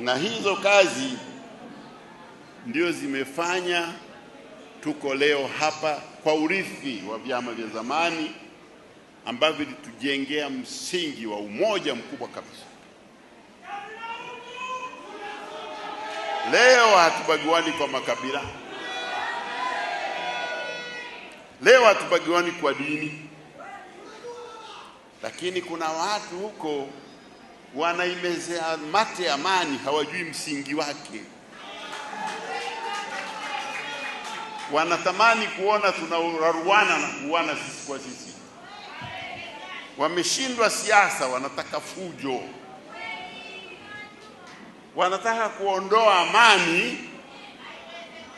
na hizo kazi ndio zimefanya tuko leo hapa kwa urithi wa vyama vya zamani ambavyo vilitujengea msingi wa umoja mkubwa kabisa. Leo hatubagiwani kwa makabila, leo hatubagiwani kwa dini, lakini kuna watu huko wanaimezea mate amani, hawajui msingi wake. Wanatamani kuona tunararuana na kuuana sisi kwa sisi. Wameshindwa siasa, wanataka fujo, wanataka kuondoa amani,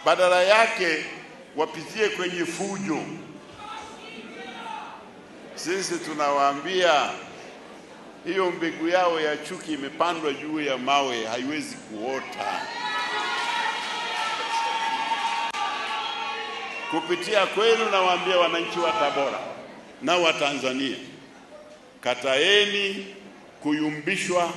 badala yake wapitie kwenye fujo. Sisi tunawaambia hiyo mbegu yao ya chuki imepandwa juu ya mawe, haiwezi kuota. Kupitia kwenu nawaambia wananchi wa Tabora na wa Tanzania, kataeni kuyumbishwa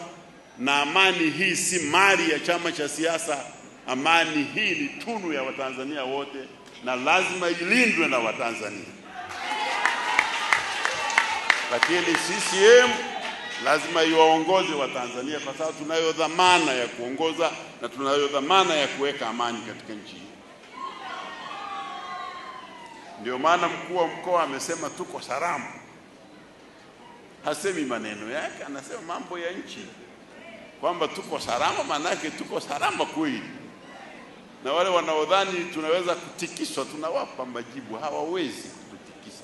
na amani. Hii si mali ya chama cha siasa. Amani hii ni tunu ya Watanzania wote na lazima ilindwe na Watanzania, lakini CCM lazima iwaongoze Watanzania kwa sababu tunayo dhamana ya kuongoza na tunayo dhamana ya kuweka amani katika nchi hii. Ndio maana mkuu wa mkoa amesema tuko salama, hasemi maneno yake, anasema mambo ya nchi kwamba tuko salama. Maana yake tuko salama kweli, na wale wanaodhani tunaweza kutikiswa tunawapa majibu, hawawezi kututikisa.